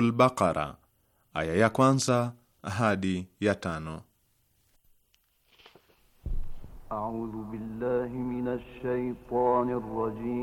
Suratul Baqara aya ya kwanza hadi ya tano. A'udhu billahi minash shaitani rrajim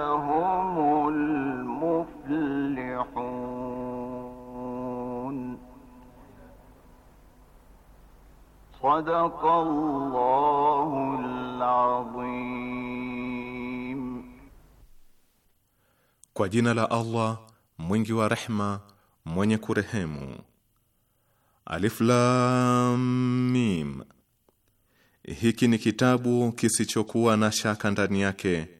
صدق الله العظيم Kwa jina la Allah mwingi wa rehma mwenye kurehemu Alif Lam Mim Hiki ni kitabu kisichokuwa na shaka ndani yake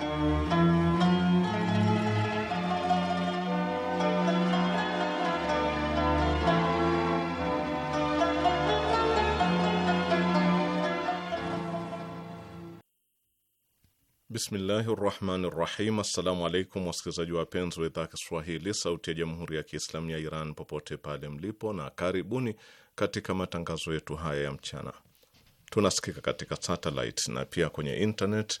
Bismillahi rahmani rahim. Assalamu alaikum wasikilizaji wapenzi wa idhaa Kiswahili sauti ya jamhuri ya Kiislamu ya Iran popote pale mlipo, na karibuni katika matangazo yetu haya ya mchana. Tunasikika katika satelit na pia kwenye internet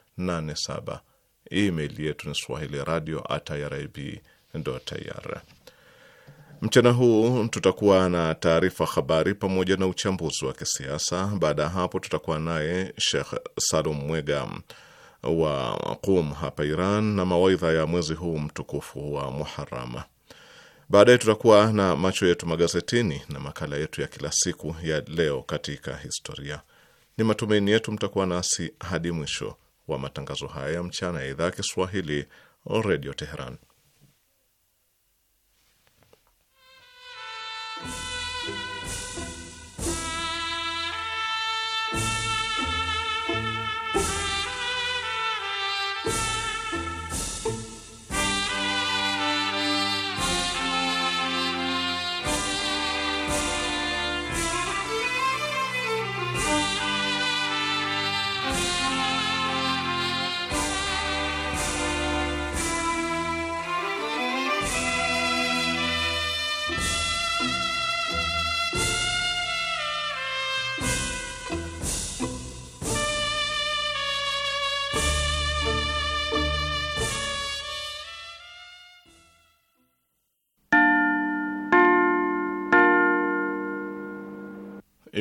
87 Email yetu ni swahili radio at irib Mchana huu tutakuwa na taarifa habari pamoja na uchambuzi wa kisiasa. Baada ya hapo, tutakuwa naye Shekh Salum Mwega wa Qum hapa Iran na mawaidha ya mwezi huu mtukufu wa Muharama. Baadaye tutakuwa na macho yetu magazetini na makala yetu ya kila siku ya leo katika historia. Ni matumaini yetu mtakuwa nasi hadi mwisho wa matangazo haya ya mchana ya idhaa ya Kiswahili, Redio Teheran.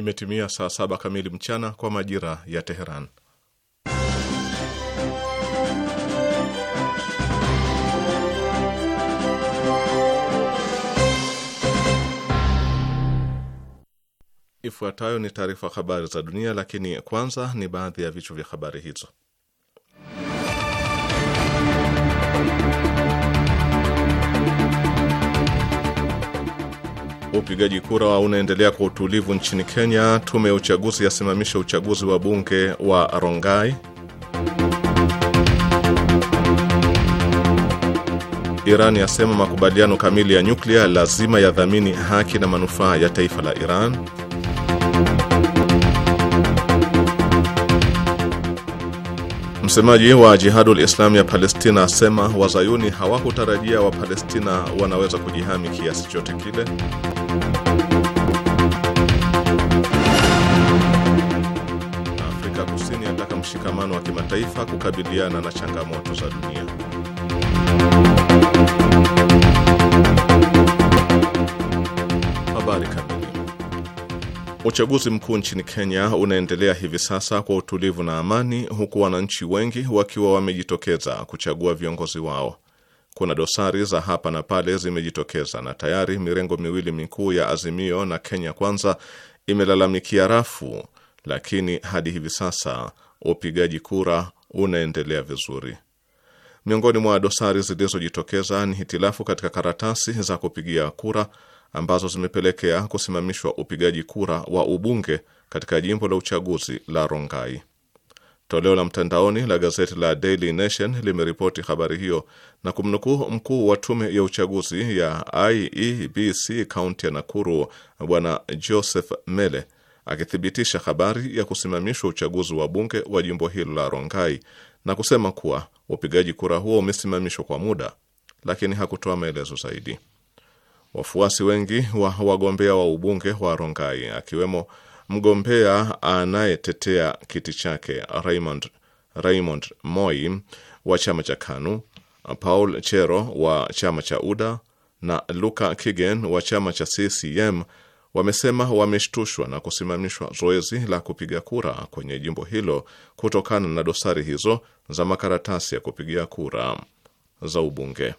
imetimia saa saba kamili mchana kwa majira ya Teheran. Ifuatayo ni taarifa habari za dunia, lakini kwanza ni baadhi ya vichwa vya habari hizo. Upigaji kura unaendelea kwa utulivu nchini Kenya. Tume ya uchaguzi yasimamisha uchaguzi wa bunge wa Rongai. Iran yasema makubaliano kamili ya nyuklia lazima yadhamini haki na manufaa ya taifa la Iran. Msemaji wa Jihadul islam ya Palestina asema wazayuni hawakutarajia Wapalestina wanaweza kujihami kiasi chote kile. Afrika Kusini yataka mshikamano wa kimataifa kukabiliana na changamoto za dunia. Habari kamili. Uchaguzi mkuu nchini Kenya unaendelea hivi sasa kwa utulivu na amani, huku wananchi wengi wakiwa wamejitokeza kuchagua viongozi wao. Kuna dosari za hapa na pale zimejitokeza, na tayari mirengo miwili mikuu ya Azimio na Kenya Kwanza imelalamikia rafu, lakini hadi hivi sasa upigaji kura unaendelea vizuri. Miongoni mwa dosari zilizojitokeza ni hitilafu katika karatasi za kupigia kura ambazo zimepelekea kusimamishwa upigaji kura wa ubunge katika jimbo la uchaguzi la Rongai. Toleo la mtandaoni la gazeti la Daily Nation limeripoti habari hiyo na kumnukuu mkuu wa tume ya uchaguzi ya IEBC kaunti ya Nakuru, Bwana Joseph Mele akithibitisha habari ya kusimamishwa uchaguzi wa bunge wa jimbo hilo la Rongai na kusema kuwa upigaji kura huo umesimamishwa kwa muda, lakini hakutoa maelezo zaidi. Wafuasi wengi wa wagombea wa ubunge wa Rongai akiwemo mgombea anayetetea kiti chake Raymond, Raymond Moi wa chama cha KANU, Paul Chero wa chama cha UDA na Luka Kigen wa chama cha CCM wamesema wameshtushwa na kusimamishwa zoezi la kupiga kura kwenye jimbo hilo kutokana na dosari hizo za makaratasi ya kupigia kura za ubunge.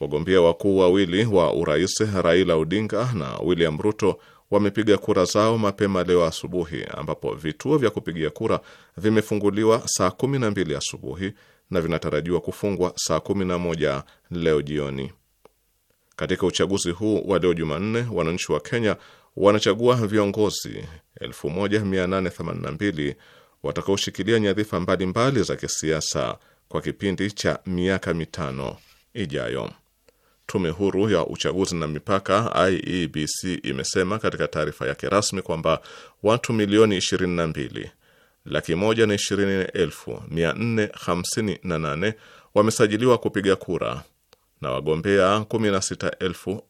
Wagombea wakuu wawili wa urais Raila Odinga na William Ruto wamepiga kura zao mapema leo asubuhi, ambapo vituo vya kupigia kura vimefunguliwa saa 12 asubuhi na vinatarajiwa kufungwa saa 11 leo jioni. Katika uchaguzi huu wa leo Jumanne, wananchi wa Kenya wanachagua viongozi 1882 watakaoshikilia nyadhifa mbalimbali za kisiasa kwa kipindi cha miaka mitano ijayo. Tume huru ya uchaguzi na mipaka IEBC imesema katika taarifa yake rasmi kwamba watu milioni 22 laki moja na elfu wamesajiliwa kupiga kura na wagombea 16 na elfu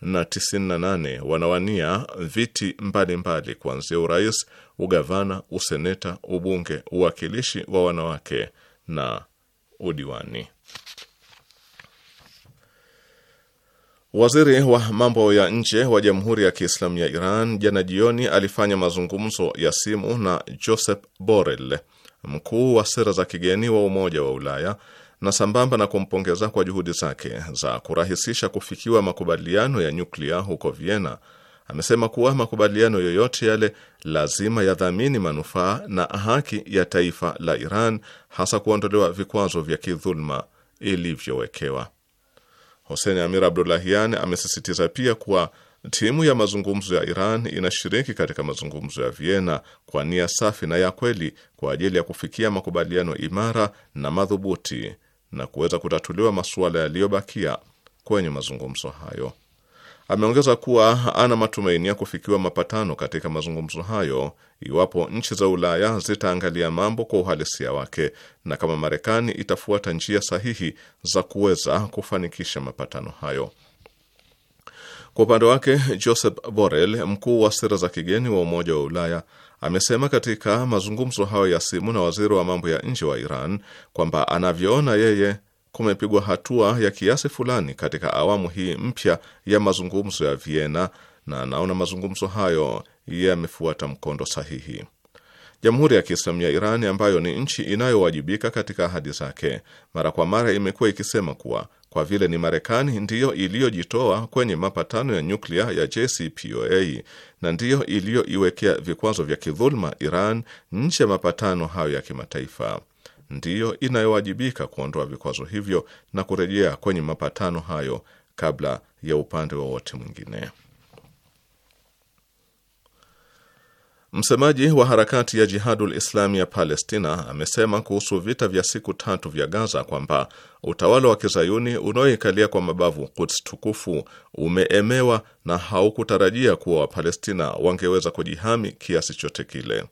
na wanawania viti mbalimbali kuanzia urais, ugavana, useneta, ubunge, uwakilishi wa wanawake na udiwani. Waziri wa mambo ya nje wa Jamhuri ya Kiislamu ya Iran jana jioni alifanya mazungumzo ya simu na Joseph Borrell, mkuu wa sera za kigeni wa Umoja wa Ulaya, na sambamba na kumpongeza kwa juhudi zake za kurahisisha kufikiwa makubaliano ya nyuklia huko Vienna, amesema kuwa makubaliano yoyote yale lazima yadhamini manufaa na haki ya taifa la Iran, hasa kuondolewa vikwazo vya kidhuluma ilivyowekewa. Hossein Amir Abdollahian amesisitiza pia kuwa timu ya mazungumzo ya Iran inashiriki katika mazungumzo ya Vienna kwa nia safi na ya kweli kwa ajili ya kufikia makubaliano imara na madhubuti na kuweza kutatuliwa masuala yaliyobakia kwenye mazungumzo hayo. Ameongeza kuwa ana matumaini ya kufikiwa mapatano katika mazungumzo hayo iwapo nchi za Ulaya zitaangalia mambo kwa uhalisia wake na kama Marekani itafuata njia sahihi za kuweza kufanikisha mapatano hayo. Kwa upande wake, Joseph Borrell, mkuu wa sera za kigeni wa Umoja wa Ulaya, amesema katika mazungumzo hayo ya simu na waziri wa mambo ya nje wa Iran kwamba anavyoona yeye kumepigwa hatua ya kiasi fulani katika awamu hii mpya ya mazungumzo ya Vienna na anaona mazungumzo hayo yamefuata mkondo sahihi. Jamhuri ya Kiislamu ya Iran ambayo ni nchi inayowajibika katika ahadi zake, mara kwa mara imekuwa ikisema kuwa kwa vile ni Marekani ndiyo iliyojitoa kwenye mapatano ya nyuklia ya JCPOA na ndiyo iliyoiwekea vikwazo vya kidhuluma Iran nje ya mapatano hayo ya kimataifa, ndiyo inayowajibika kuondoa vikwazo hivyo na kurejea kwenye mapatano hayo kabla ya upande wowote mwingine. Msemaji wa harakati ya Jihadul Islami ya Palestina amesema kuhusu vita vya siku tatu vya Gaza kwamba utawala wa kizayuni unaoikalia kwa mabavu Quds tukufu umeemewa na haukutarajia kuwa Wapalestina wangeweza kujihami kiasi chote kile.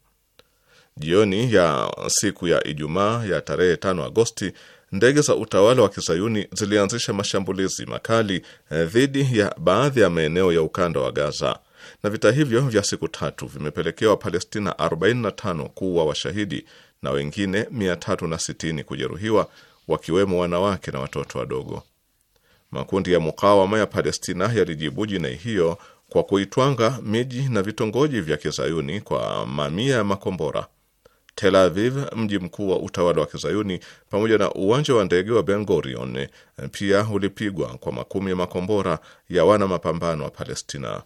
Jioni ya siku ya Ijumaa ya tarehe 5 Agosti, ndege za utawala wa kizayuni zilianzisha mashambulizi makali eh, dhidi ya baadhi ya maeneo ya ukanda wa Gaza, na vita hivyo vya siku tatu vimepelekea Wapalestina 45 kuwa washahidi na wengine 360 kujeruhiwa, wakiwemo wanawake na watoto wadogo. Makundi ya mukawama ya Palestina yalijibu jinai hiyo kwa kuitwanga miji na vitongoji vya kizayuni kwa mamia ya makombora Tel Aviv, mji mkuu wa utawala wa Kizayuni, pamoja na uwanja wa ndege wa Ben Gurion pia ulipigwa kwa makumi ya makombora ya wana mapambano wa Palestina.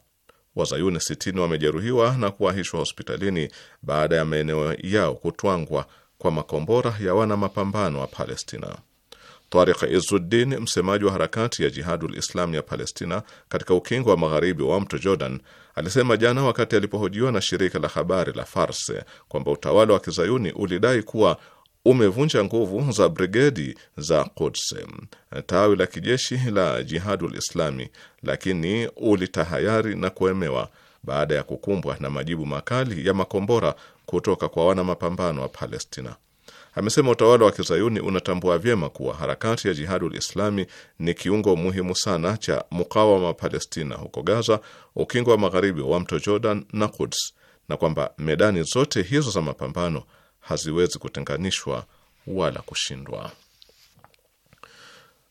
Wazayuni sitini wamejeruhiwa na kuwahishwa hospitalini baada ya maeneo yao kutwangwa kwa makombora ya wana mapambano wa Palestina. Tariq Izzuddin, msemaji wa harakati ya Jihadul Islam ya Palestina katika ukingo wa magharibi wa mto Jordan, alisema jana wakati alipohojiwa na shirika la habari la Fars kwamba utawala wa kizayuni ulidai kuwa umevunja nguvu za brigedi za Quds, tawi la kijeshi la Jihadul Islami, lakini ulitahayari na kuemewa baada ya kukumbwa na majibu makali ya makombora kutoka kwa wana mapambano wa Palestina. Amesema utawala wa kizayuni unatambua vyema kuwa harakati ya Jihadul Islami ni kiungo muhimu sana cha mukawama Palestina huko Gaza, ukingo wa magharibi wa mto Jordan na Kuds, na kwamba medani zote hizo za mapambano haziwezi kutenganishwa wala kushindwa.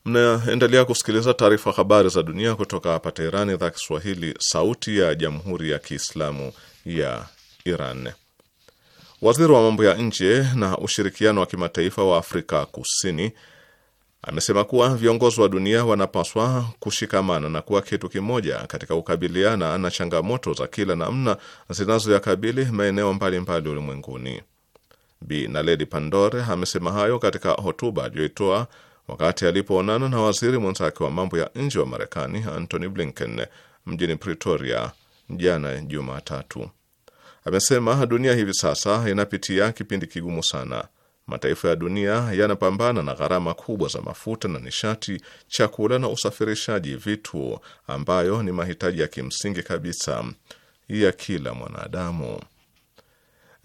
Mnaendelea kusikiliza taarifa habari za dunia kutoka hapa Teherani, idhaa Kiswahili, sauti ya jamhuri ya kiislamu ya Iran. Waziri wa mambo ya nje na ushirikiano wa kimataifa wa Afrika Kusini amesema kuwa viongozi wa dunia wanapaswa kushikamana na kuwa kitu kimoja katika kukabiliana na changamoto za kila namna zinazoyakabili maeneo mbalimbali ulimwenguni. Bi Naledi Pandor amesema hayo katika hotuba aliyoitoa wakati alipoonana na waziri mwenzake wa mambo ya nje wa Marekani Antony Blinken mjini Pretoria jana Jumatatu. Amesema dunia hivi sasa inapitia kipindi kigumu sana. Mataifa ya dunia yanapambana na gharama kubwa za mafuta na nishati, chakula na usafirishaji vitu, ambayo ni mahitaji ya kimsingi kabisa ya kila mwanadamu.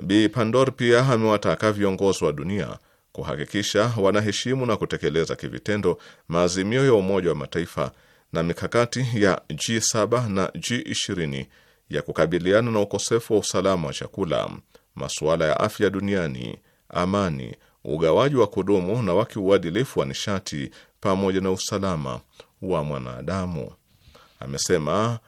Bi Pandor pia amewataka viongozi wa dunia kuhakikisha wanaheshimu na kutekeleza kivitendo maazimio ya Umoja wa Mataifa na mikakati ya G7 na G20 ya kukabiliana na ukosefu wa usalama wa chakula, masuala ya afya duniani, amani, ugawaji wa kudumu na wakiuadilifu wa nishati pamoja na usalama wa mwanadamu. Amesema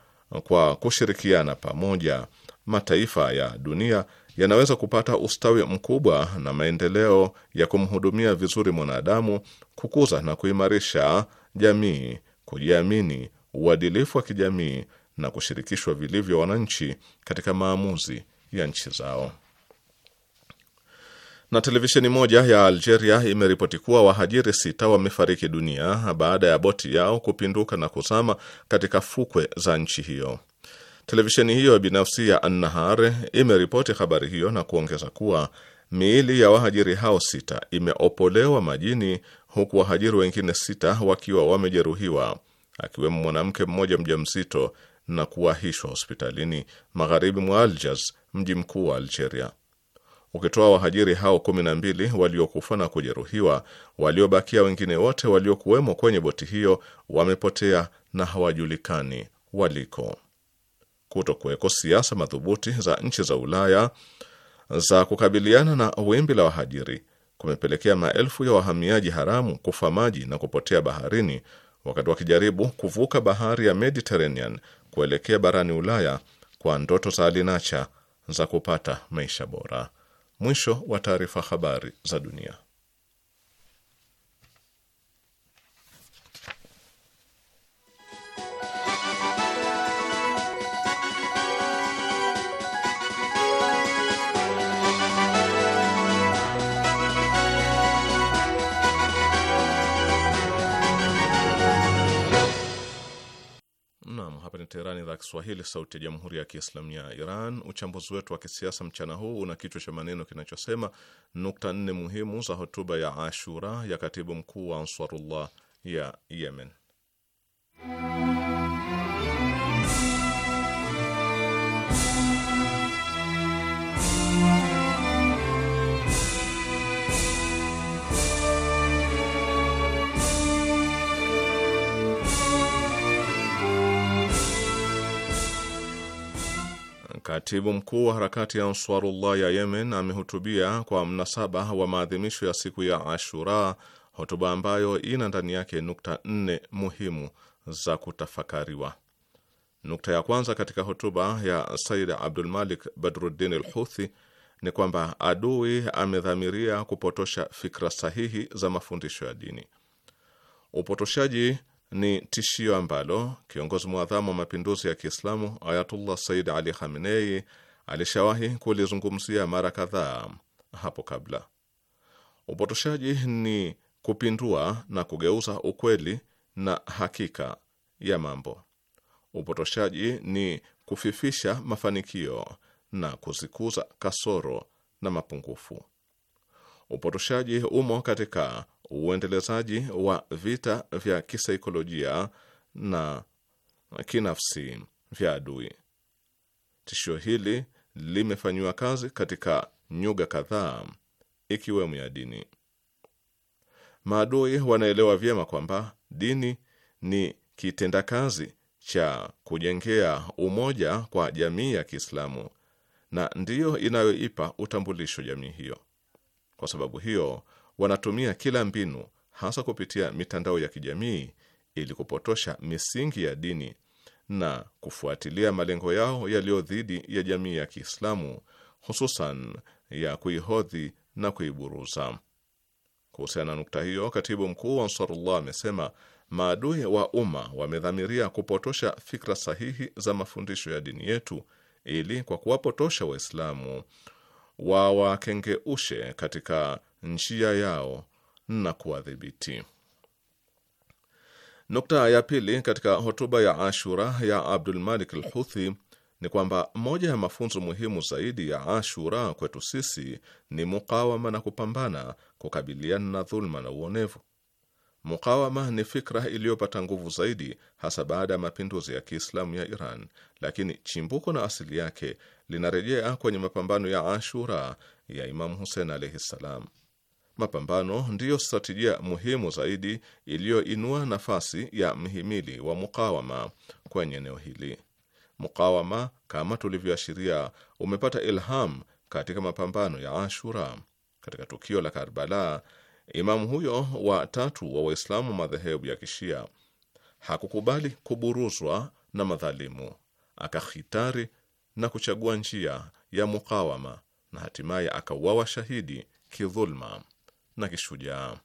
kwa kushirikiana pamoja, mataifa ya dunia yanaweza kupata ustawi mkubwa na maendeleo ya kumhudumia vizuri mwanadamu, kukuza na kuimarisha jamii, kujiamini, uadilifu wa kijamii na kushirikishwa vilivyo wananchi katika maamuzi ya nchi zao. Na televisheni moja ya Algeria imeripoti kuwa wahajiri sita wamefariki dunia baada ya boti yao kupinduka na kuzama katika fukwe za nchi hiyo. Televisheni hiyo binafsi ya Annahar imeripoti habari hiyo na kuongeza kuwa miili ya wahajiri hao sita imeopolewa majini huku wahajiri wengine sita wakiwa wamejeruhiwa akiwemo mwanamke mmoja mjamzito na kuwahishwa hospitalini magharibi mwa Algiers, mji mkuu wa Algeria. Ukitoa wahajiri hao kumi na mbili waliokufa na kujeruhiwa, waliobakia wengine wote waliokuwemo kwenye boti hiyo wamepotea na hawajulikani waliko. Kuto kuweko siasa madhubuti za nchi za Ulaya za kukabiliana na wimbi la wahajiri kumepelekea maelfu ya wahamiaji haramu kufa maji na kupotea baharini wakati wakijaribu kuvuka bahari ya Mediterranean kuelekea barani Ulaya kwa ndoto za alinacha za kupata maisha bora. Mwisho wa taarifa. Habari za dunia. Teherani, idhaa Kiswahili, sauti ya jamhuri ya kiislamu ya Iran. Uchambuzi wetu wa kisiasa mchana huu una kichwa cha maneno kinachosema nukta nne muhimu za hotuba ya Ashura ya katibu mkuu wa Ansarullah ya Yemen. Katibu mkuu wa harakati ya Ansarullah ya Yemen amehutubia kwa mnasaba wa maadhimisho ya siku ya Ashura, hotuba ambayo ina ndani yake nukta nne muhimu za kutafakariwa. Nukta ya kwanza katika hotuba ya Said Abdulmalik Badruddin al Huthi ni kwamba adui amedhamiria kupotosha fikra sahihi za mafundisho ya dini. Upotoshaji ni tishio ambalo kiongozi mwadhamu wa mapinduzi ya Kiislamu Ayatullah Sayyid Ali Khamenei alishawahi kulizungumzia mara kadhaa hapo kabla. Upotoshaji ni kupindua na kugeuza ukweli na hakika ya mambo. Upotoshaji ni kufifisha mafanikio na kuzikuza kasoro na mapungufu. Upotoshaji umo katika uendelezaji wa vita vya kisaikolojia na kinafsi vya adui. Tishio hili limefanyiwa kazi katika nyuga kadhaa ikiwemo ya dini. Maadui wanaelewa vyema kwamba dini ni kitendakazi cha kujengea umoja kwa jamii ya Kiislamu na ndiyo inayoipa utambulisho jamii hiyo. Kwa sababu hiyo wanatumia kila mbinu, hasa kupitia mitandao ya kijamii, ili kupotosha misingi ya dini na kufuatilia malengo yao yaliyo dhidi ya jamii ya Kiislamu, hususan ya kuihodhi na kuiburuza. Kuhusiana na nukta hiyo, katibu mkuu wa Ansarullah amesema maadui wa umma wamedhamiria kupotosha fikra sahihi za mafundisho ya dini yetu ili kwa kuwapotosha Waislamu wawakengeushe katika njia yao na kuwadhibiti. Nukta ya pili katika hotuba ya Ashura ya Abdul Malik al Huthi ni kwamba moja ya mafunzo muhimu zaidi ya Ashura kwetu sisi ni mukawama na kupambana kukabiliana na dhuluma na uonevu. Mukawama ni fikra iliyopata nguvu zaidi hasa baada ya mapinduzi ya Kiislamu ya Iran, lakini chimbuko na asili yake linarejea kwenye mapambano ya Ashura ya Imamu Husein alaihi ssalam. Mapambano ndiyo stratejia muhimu zaidi iliyoinua nafasi ya mhimili wa mukawama kwenye eneo hili. Mukawama, kama tulivyoashiria, umepata ilham katika mapambano ya Ashura. Katika tukio la Karbala, imamu huyo wa tatu wa Waislamu madhehebu ya Kishia hakukubali kuburuzwa na madhalimu, akahitari na kuchagua njia ya mukawama na hatimaye akauawa shahidi kidhulma na kishujaa.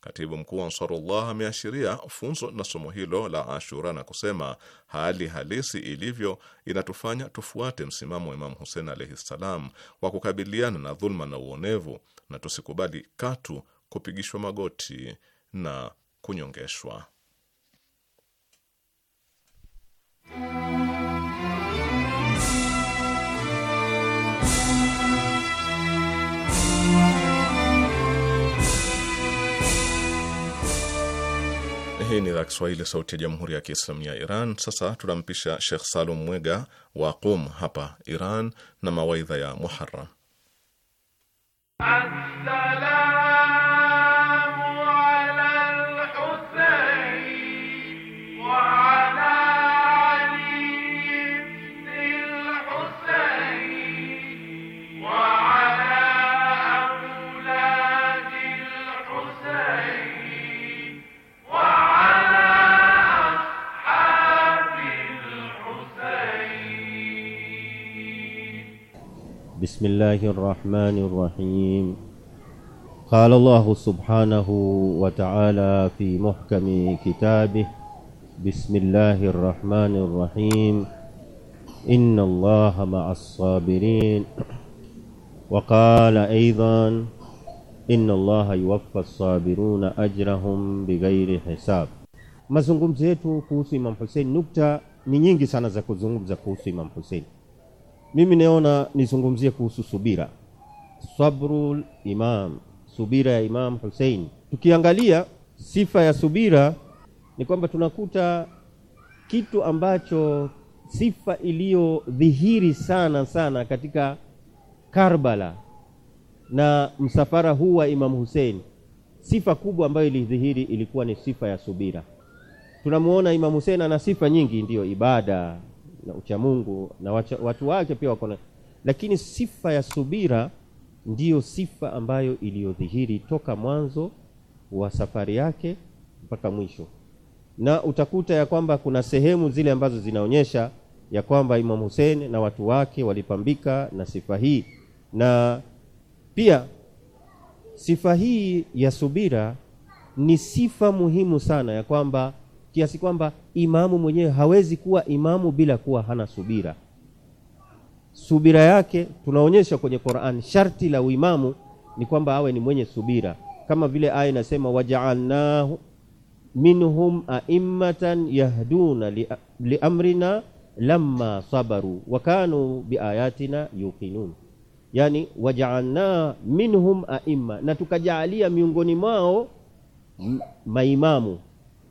Katibu mkuu Ansarullah ameashiria funzo na somo hilo la Ashura na kusema hali halisi ilivyo inatufanya tufuate msimamo wa Imamu Husein alaihi ssalam wa kukabiliana na dhuluma na uonevu, na tusikubali katu kupigishwa magoti na kunyongeshwa. Hii ni idhaa Kiswahili sauti ya jamhuri ya kiislamu ya Iran. Sasa tunampisha Shekh Salum Mwega wa Qum hapa Iran na mawaidha ya Muharram. بسم الله الرحمن الرحيم قال الله سبحانه وتعالى في محكم كتابه بسم الله الرحمن الرحيم ان الله مع الصابرين وقال ايضا ان الله يوفى الصابرون اجرهم بغير حساب mazungumzo yetu kuhusu Imam Hussein, nukta ni nyingi sana za kuzungumza kuhusu Imam Hussein mimi naona nizungumzie kuhusu subira, sabrul imam, subira ya Imam Hussein. Tukiangalia sifa ya subira ni kwamba tunakuta kitu ambacho sifa iliyodhihiri sana sana katika Karbala na msafara huu wa Imam Hussein, sifa kubwa ambayo ilidhihiri ilikuwa ni sifa ya subira. Tunamuona Imam Hussein ana sifa nyingi, ndiyo ibada na uchamungu na wacha, watu wake pia wako na, lakini sifa ya subira ndiyo sifa ambayo iliyodhihiri toka mwanzo wa safari yake mpaka mwisho, na utakuta ya kwamba kuna sehemu zile ambazo zinaonyesha ya kwamba Imam Hussein na watu wake walipambika na sifa hii, na pia sifa hii ya subira ni sifa muhimu sana ya kwamba kiasi kwamba imamu mwenyewe hawezi kuwa imamu bila kuwa hana subira. Subira yake tunaonyesha kwenye Qur'an. Sharti la uimamu ni kwamba awe ni mwenye subira, kama vile aya inasema waja'alnahu minhum a'immatan yahduna liamrina li lamma sabaru wakanu biayatina yuqinun, yani waja'alna minhum a'imma, na tukajaalia miongoni mwao maimamu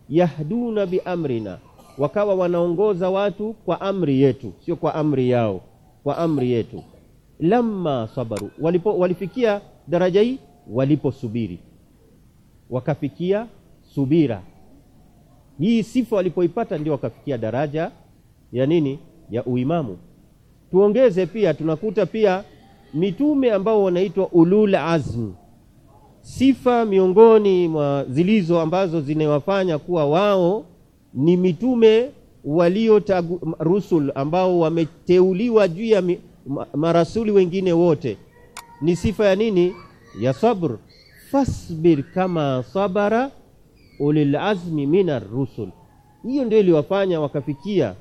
yahduna biamrina, wakawa wanaongoza watu kwa amri yetu, sio kwa amri yao, kwa amri yetu. Lamma sabaru, walipo walifikia daraja hii waliposubiri, wakafikia subira. Hii sifa walipoipata ndio wakafikia daraja ya nini? Ya uimamu. Tuongeze pia, tunakuta pia mitume ambao wanaitwa ulul azm sifa miongoni mwa zilizo ambazo zinawafanya kuwa wao ni mitume walio tagu, rusul ambao wameteuliwa juu ya marasuli wengine wote ni sifa ya nini? Ya sabr. Fasbir kama sabara ulil azmi mina rusul, hiyo ndio iliwafanya wakafikia.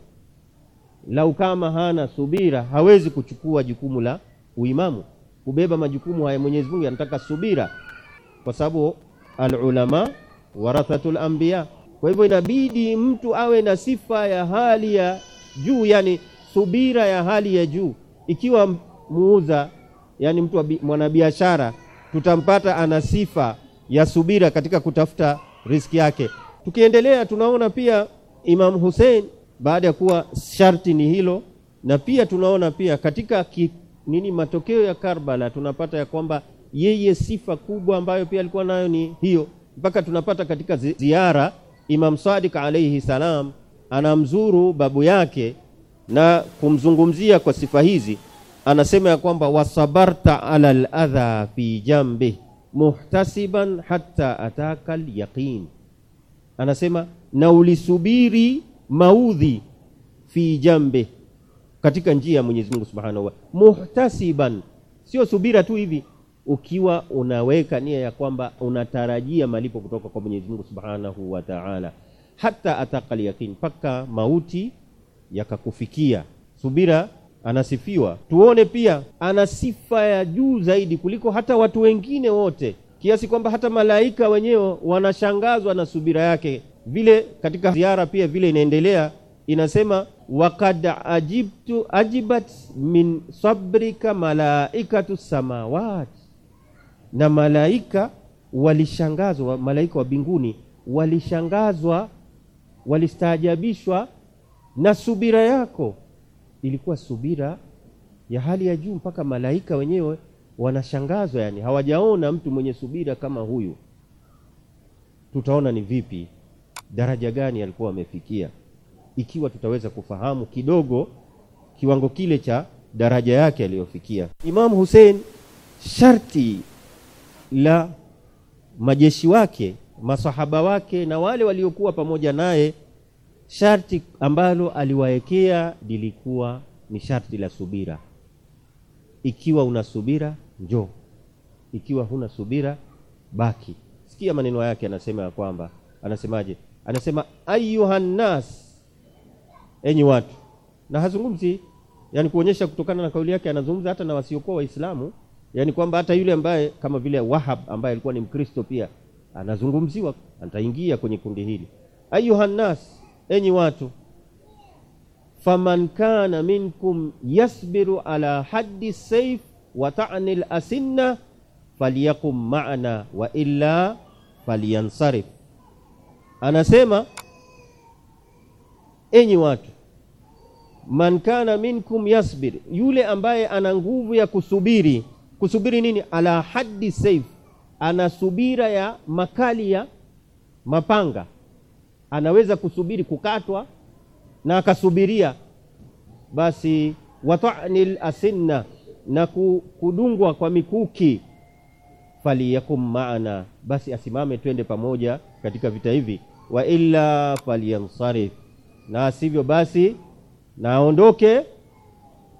Lau kama hana subira, hawezi kuchukua jukumu la uimamu, kubeba majukumu haya. Mwenyezi Mungu anataka subira kwa sababu alulama warathatul anbiya. Kwa hivyo inabidi mtu awe na sifa ya hali ya juu, yani subira ya hali ya juu. Ikiwa muuza, yani mtu mwanabiashara, tutampata ana sifa ya subira katika kutafuta riski yake. Tukiendelea tunaona pia Imam Hussein baada ya kuwa sharti ni hilo, na pia tunaona pia katika ki, nini matokeo ya Karbala tunapata ya kwamba yeye sifa kubwa ambayo pia alikuwa nayo ni hiyo, mpaka tunapata katika ziara Imam Sadiq alayhi salam anamzuru babu yake na kumzungumzia kwa sifa hizi, anasema ya kwamba wasabarta ala aladha fi jambi muhtasiban hatta ataka alyaqin, anasema na ulisubiri maudhi fi jambi, katika njia ya Mwenyezi Mungu subhanahu wa muhtasiban, sio subira tu hivi ukiwa unaweka nia ya kwamba unatarajia malipo kutoka kwa Mwenyezi Mungu Subhanahu wa Ta'ala, hata ataka yakin, mpaka mauti yakakufikia. Subira anasifiwa, tuone pia ana sifa ya juu zaidi kuliko hata watu wengine wote, kiasi kwamba hata malaika wenyewe wanashangazwa na subira yake. Vile katika ziara pia vile inaendelea inasema wakad ajibtu ajibat min sabrika malaikatu samawati na malaika walishangazwa, malaika wa binguni walishangazwa, walistaajabishwa na subira yako. Ilikuwa subira ya hali ya juu, mpaka malaika wenyewe wanashangazwa, yani hawajaona mtu mwenye subira kama huyu. Tutaona ni vipi, daraja gani alikuwa amefikia, ikiwa tutaweza kufahamu kidogo kiwango kile cha daraja yake aliyofikia Imam Hussein, sharti la majeshi wake, masahaba wake na wale waliokuwa pamoja naye, sharti ambalo aliwaekea lilikuwa ni sharti la subira. Ikiwa una subira njoo, ikiwa huna subira baki. Sikia maneno yake, anasema ya kwamba anasemaje? Anasema ayuhannas, enyi watu, na hazungumzi yani kuonyesha kutokana na kauli yake anazungumza hata na wasiokuwa Waislamu yaani kwamba hata yule ambaye kama vile Wahab ambaye alikuwa ni Mkristo pia anazungumziwa, ataingia kwenye kundi hili. Ayuhannas, enyi watu, faman kana minkum yasbiru ala haddi saif wa ta'ni al-asinna falyakum ma'ana wa illa falyansarif. Anasema, enyi watu man kana minkum yasbir, yule ambaye ana nguvu ya kusubiri kusubiri nini? ala haddi saif, ana subira ya makali ya mapanga, anaweza kusubiri kukatwa na akasubiria. Basi watani asinna, na kudungwa kwa mikuki, faliyakum maana, basi asimame twende pamoja katika vita hivi, wa illa falyansarif, na sivyo basi naondoke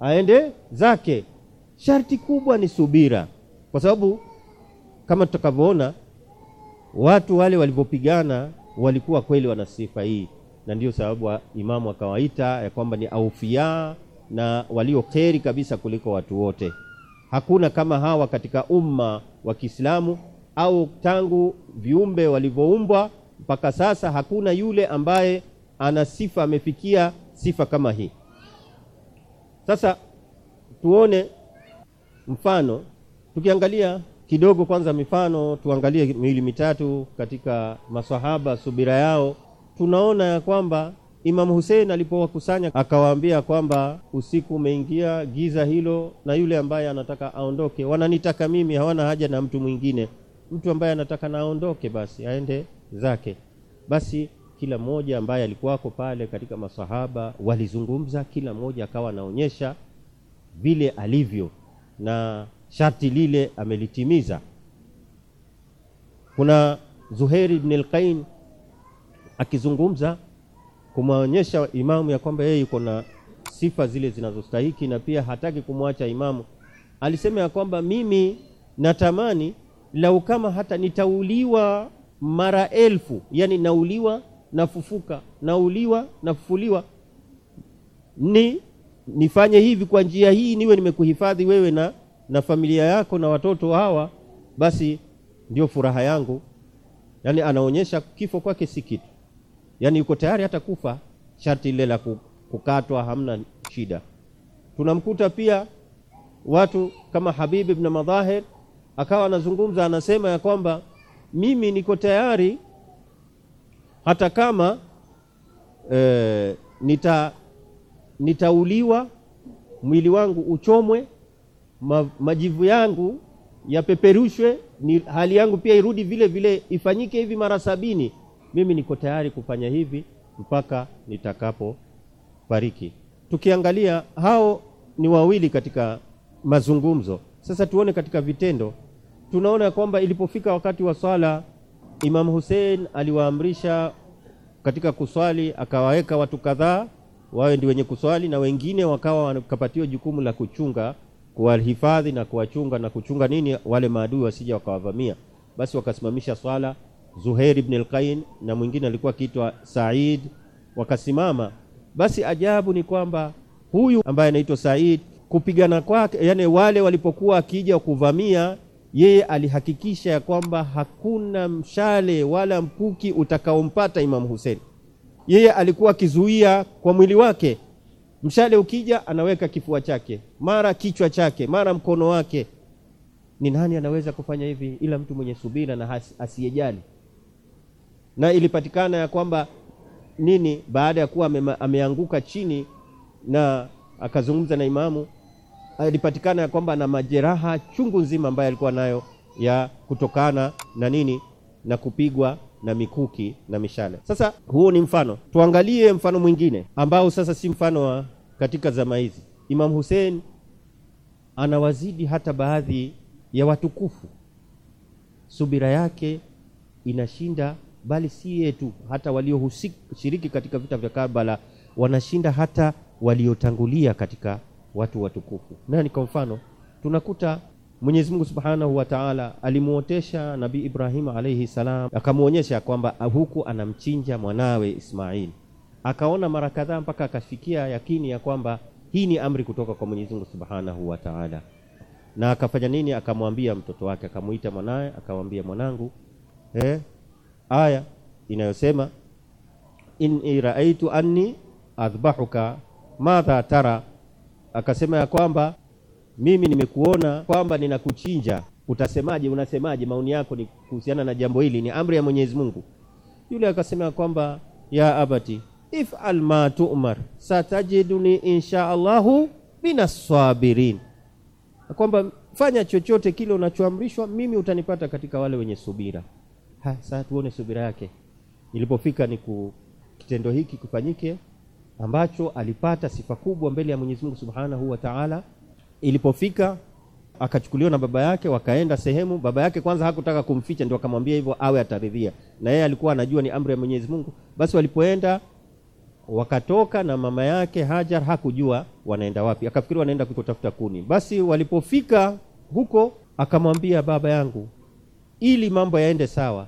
aende zake Sharti kubwa ni subira, kwa sababu kama tutakavyoona watu wale walivyopigana walikuwa kweli wana sifa hii, na ndiyo sababu Imamu akawaita ya kwamba ni aufia na walio kheri kabisa kuliko watu wote. Hakuna kama hawa katika umma wa Kiislamu au tangu viumbe walivyoumbwa mpaka sasa, hakuna yule ambaye ana sifa amefikia sifa kama hii. Sasa tuone Mfano tukiangalia kidogo kwanza, mifano tuangalie miwili mitatu katika maswahaba, subira yao, tunaona ya kwamba Imamu Hussein alipowakusanya akawaambia kwamba usiku umeingia, giza hilo, na yule ambaye anataka aondoke, wananitaka mimi, hawana haja na mtu mwingine. Mtu ambaye anataka na aondoke, basi aende zake. Basi kila mmoja ambaye alikuwako pale katika maswahaba walizungumza, kila mmoja akawa anaonyesha vile alivyo na sharti lile amelitimiza. Kuna Zuhairi ibn al-Qain akizungumza kumwonyesha imamu ya kwamba yeye yuko na sifa zile zinazostahiki na pia hataki kumwacha imamu. Alisema ya kwamba mimi natamani lau kama hata nitauliwa mara elfu, yani nauliwa nafufuka, nauliwa nafufuliwa, ni nifanye hivi kwa njia hii, niwe nimekuhifadhi wewe na, na familia yako na watoto hawa, basi ndio furaha yangu. Yani anaonyesha kifo kwake si kitu, yani yuko tayari hata kufa, sharti ile la kukatwa hamna shida. Tunamkuta pia watu kama Habibi ibn Madahir akawa anazungumza, anasema ya kwamba mimi niko tayari hata kama e, nita nitauliwa, mwili wangu uchomwe, ma, majivu yangu yapeperushwe, ni hali yangu pia irudi vile vile, ifanyike hivi mara sabini. Mimi niko tayari kufanya hivi mpaka nitakapo fariki. Tukiangalia hao ni wawili katika mazungumzo. Sasa tuone katika vitendo, tunaona kwamba ilipofika wakati wa swala, Imam Hussein aliwaamrisha katika kuswali, akawaweka watu kadhaa wawe ndi wenye kuswali na wengine wakawa wakapatiwa jukumu la kuchunga kuwahifadhi na kuwachunga na kuchunga nini wale maadui wasija wakawavamia basi wakasimamisha swala Zuhair ibn al na mwingine alikuwa akiitwa Said wakasimama basi ajabu ni kwamba huyu ambaye anaitwa Said kupigana kwake yani wale walipokuwa akija kuvamia yeye alihakikisha ya kwamba hakuna mshale wala mkuki utakaompata Imam Hussein yeye alikuwa akizuia kwa mwili wake mshale ukija anaweka kifua chake mara kichwa chake mara mkono wake ni nani anaweza kufanya hivi ila mtu mwenye subira na asiyejali na ilipatikana ya kwamba nini baada ya kuwa ameanguka chini na akazungumza na imamu ilipatikana ya kwamba na majeraha chungu nzima ambayo alikuwa nayo ya kutokana na nini na kupigwa na mikuki na mishale. Sasa huo ni mfano, tuangalie mfano mwingine ambao sasa si mfano wa katika zama hizi. Imam Hussein anawazidi hata baadhi ya watukufu, subira yake inashinda, bali si yetu, hata walioshiriki katika vita vya Karbala wanashinda hata waliotangulia katika watu watukufu. Nani kwa mfano tunakuta Mwenyezi Mungu Subhanahu wa Ta'ala alimuotesha Nabii Ibrahim alayhi salam, akamwonyesha kwamba huku anamchinja mwanawe Ismail. Akaona mara kadhaa mpaka akafikia yakini ya kwamba hii ni amri kutoka kwa Mwenyezi Mungu Subhanahu wa Ta'ala. Na akafanya nini? Akamwambia mtoto wake, akamuita mwanaye, akamwambia mwanangu, eh, aya inayosema in raaitu anni adhbahuka madha tara, akasema ya kwamba mimi nimekuona kwamba ninakuchinja, utasemaje? Unasemaje? maoni yako ni kuhusiana na jambo hili, ni amri ya Mwenyezi Mungu. Yule akasema kwamba ya abati if'al ma tu'mar satajiduni insha Allahu minaswabirin, kwamba fanya chochote kile unachoamrishwa, mimi utanipata katika wale wenye subira. Ha, sasa tuone subira yake ilipofika ni ku kitendo hiki kifanyike ambacho alipata sifa kubwa mbele ya Mwenyezi Mungu Subhanahu wa Ta'ala. Ilipofika akachukuliwa na baba yake, wakaenda sehemu. Baba yake kwanza hakutaka kumficha, ndio akamwambia hivyo awe ataridhia, na yeye alikuwa anajua ni amri ya Mwenyezi Mungu. Basi walipoenda wakatoka na mama yake Hajar hakujua wanaenda wapi, akafikiri wanaenda kutafuta kuni. Basi walipofika huko, akamwambia baba yangu, ili mambo yaende sawa,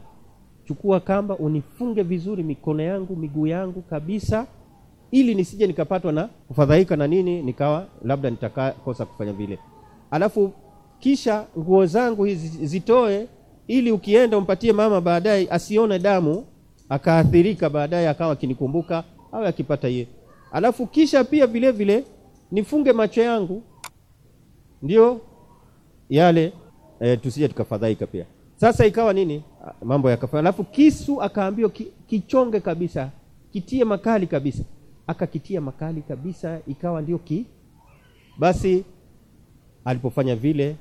chukua kamba unifunge vizuri mikono yangu miguu yangu kabisa ili nisije nikapatwa na kufadhaika na nini nikawa labda nitakakosa kufanya vile alafu kisha nguo zangu hizi zitoe ili ukienda umpatie mama baadaye asione damu akaathirika baadaye akawa akinikumbuka au akipata ye alafu kisha pia vile vile nifunge macho yangu ndio yale e, tusije tukafadhaika pia sasa ikawa nini mambo yakafanya alafu kisu akaambiwa ki, kichonge kabisa kitie makali kabisa akakitia makali kabisa, ikawa ndio ki basi. Alipofanya vile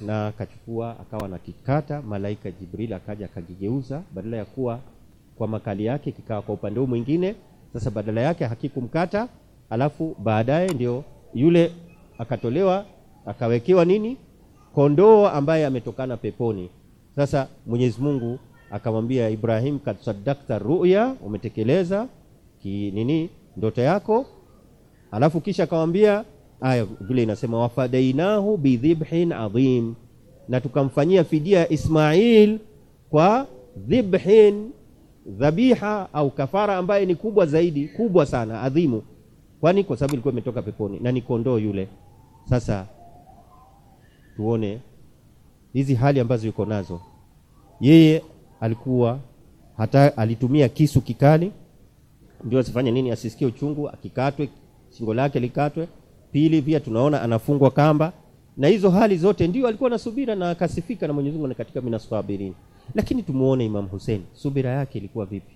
na akachukua akawa na kikata, malaika Jibril akaja akakigeuza, badala ya kuwa kwa makali yake kikawa kwa upande huu mwingine. Sasa badala yake hakikumkata, alafu baadaye ndio yule akatolewa akawekewa nini, kondoo ambaye ametokana peponi. Sasa Mwenyezi Mungu akamwambia Ibrahim, kad saddakta ruya, umetekeleza ki nini ndoto yako, alafu kisha akamwambia aya vile inasema, wafadainahu bidhibhin adhim, na tukamfanyia fidia Ismail kwa dhibhin, dhabiha au kafara ambaye ni kubwa zaidi, kubwa sana, adhimu. Kwani kwa sababu ilikuwa imetoka peponi na ni kondoo yule. Sasa tuone hizi hali ambazo yuko nazo yeye, alikuwa hata alitumia kisu kikali ndio asifanye nini asisikie uchungu akikatwe shingo lake likatwe pili pia tunaona anafungwa kamba na hizo hali zote ndio alikuwa na subira na akasifika na Mwenyezi Mungu katika minaswabirin lakini tumuone Imam Hussein subira yake ilikuwa vipi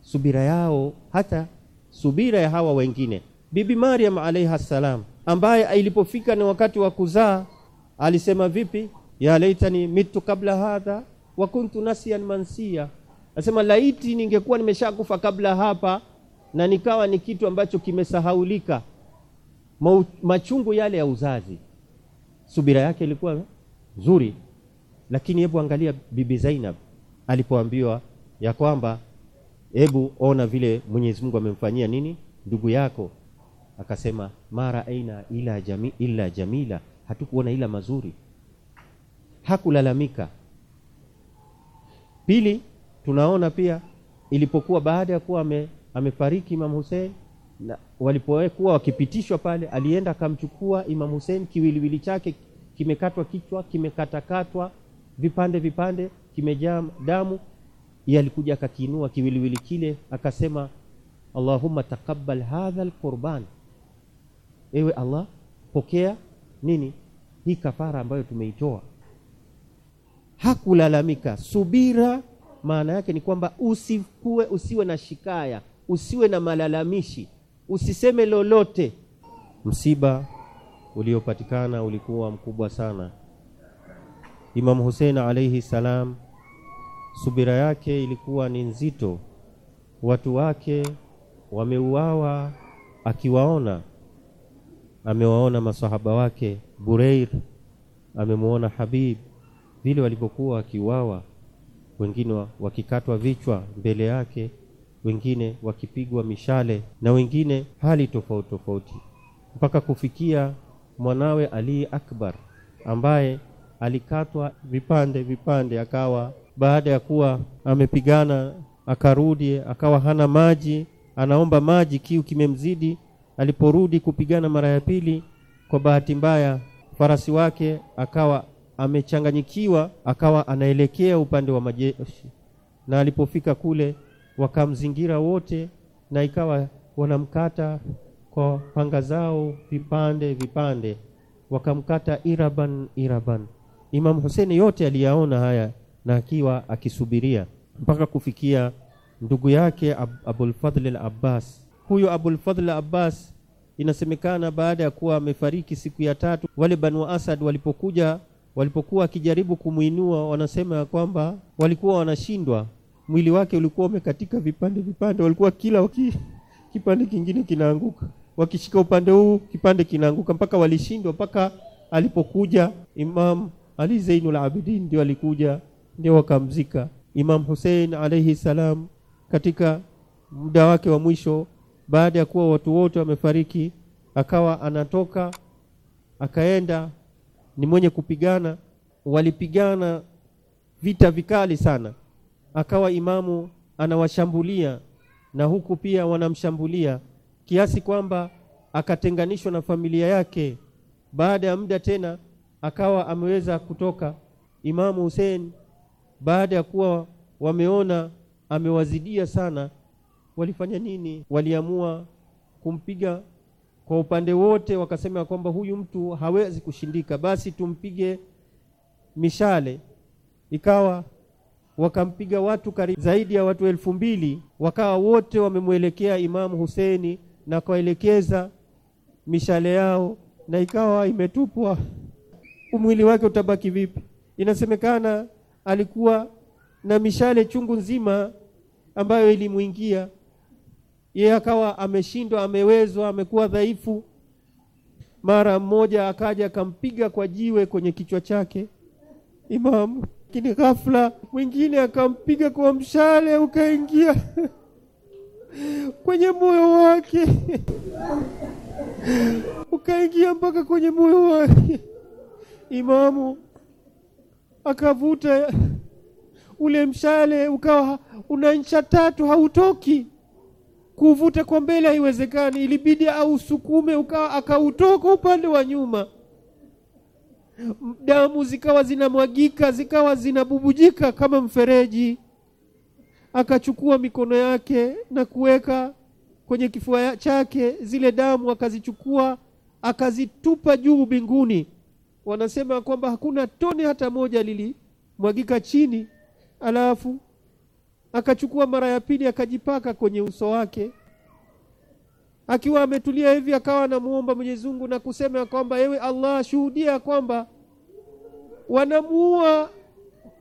subira yao hata subira ya hawa wengine bibi Maryam alaiha salam ambaye ilipofika ni wakati wa kuzaa alisema vipi ya laitani mitu kabla hadha wa kuntu nasiyan mansia Asema laiti ningekuwa nimeshakufa kabla hapa, na nikawa ni kitu ambacho kimesahaulika, machungu yale ya uzazi. Subira yake ilikuwa nzuri, lakini hebu angalia Bibi Zainab alipoambiwa ya kwamba hebu ona vile Mwenyezi Mungu amemfanyia nini ndugu yako, akasema mara aina ila, jami, ila jamila, hatukuona ila mazuri. Hakulalamika. Pili, tunaona pia ilipokuwa baada ya kuwa ame, amefariki Imam Hussein na walipokuwa wakipitishwa pale, alienda akamchukua Imam Hussein, kiwiliwili chake kimekatwa kichwa, kimekatakatwa vipande vipande, kimejaa damu. Yeye alikuja akakiinua kiwiliwili kile akasema, Allahumma taqabbal hadha alqurban, ewe Allah pokea nini hii kafara ambayo tumeitoa. Hakulalamika, subira maana yake ni kwamba usikuwe, usiwe na shikaya, usiwe na malalamishi, usiseme lolote. Msiba uliopatikana ulikuwa mkubwa sana. imam Hussein alaihi salam, subira yake ilikuwa ni nzito. Watu wake wameuawa akiwaona, amewaona masahaba wake Bureir, amemuona Habib vile walivyokuwa wakiuawa wengine wakikatwa vichwa mbele yake, wengine wakipigwa mishale, na wengine hali tofauti tofauti, mpaka kufikia mwanawe Ali Akbar ambaye alikatwa vipande vipande, akawa baada ya kuwa amepigana akarudi, akawa hana maji, anaomba maji, kiu kimemzidi. Aliporudi kupigana mara ya pili, kwa bahati mbaya farasi wake akawa amechanganyikiwa, akawa anaelekea upande wa majeshi, na alipofika kule wakamzingira wote, na ikawa wanamkata kwa panga zao vipande vipande, wakamkata iraban iraban. Imamu Hussein yote aliyaona haya, na akiwa akisubiria mpaka kufikia ndugu yake Ab Abulfadhl al Abbas. Huyo abulfadhli al Abbas inasemekana baada ya kuwa amefariki siku ya tatu, wale Banu Asad walipokuja walipokuwa akijaribu kumuinua, wanasema ya kwamba walikuwa wanashindwa. Mwili wake ulikuwa umekatika vipande vipande, walikuwa kila waki, kipande kingine kinaanguka, wakishika upande huu kipande kinaanguka, mpaka walishindwa, mpaka alipokuja Imam Ali Zainul Abidin ndio alikuja, ndio wakamzika Imam Hussein alayhi salam katika muda wake wa mwisho, baada ya kuwa watu wote wamefariki, akawa anatoka akaenda ni mwenye kupigana walipigana vita vikali sana akawa imamu anawashambulia na huku pia wanamshambulia kiasi kwamba akatenganishwa na familia yake baada ya muda tena akawa ameweza kutoka imamu Hussein baada ya kuwa wameona amewazidia sana walifanya nini waliamua kumpiga kwa upande wote wakasema ya kwamba huyu mtu hawezi kushindika, basi tumpige mishale. Ikawa wakampiga watu karibu zaidi ya watu elfu mbili wakawa wote wamemwelekea Imamu huseni na kuelekeza mishale yao, na ikawa imetupwa. Umwili wake utabaki vipi? Inasemekana alikuwa na mishale chungu nzima ambayo ilimwingia yeye akawa ameshindwa, amewezwa, amekuwa dhaifu. Mara mmoja akaja akampiga kwa jiwe kwenye kichwa chake imamu, lakini ghafla mwingine akampiga kwa mshale ukaingia kwenye moyo wake ukaingia mpaka kwenye moyo wake. Imamu akavuta ule mshale ukawa una ncha tatu hautoki kuvuta kwa mbele haiwezekani, ilibidi au sukume ukawa akautoka upande wa nyuma. Damu zikawa zinamwagika, zikawa zinabubujika kama mfereji. Akachukua mikono yake na kuweka kwenye kifua chake, zile damu akazichukua akazitupa juu mbinguni. Wanasema kwamba hakuna tone hata moja lilimwagika chini, alafu akachukua mara ya pili akajipaka kwenye uso wake akiwa ametulia hivi akawa anamuomba Mwenyezi Mungu na kusema ya kwamba ewe Allah shuhudia kwamba wanamuua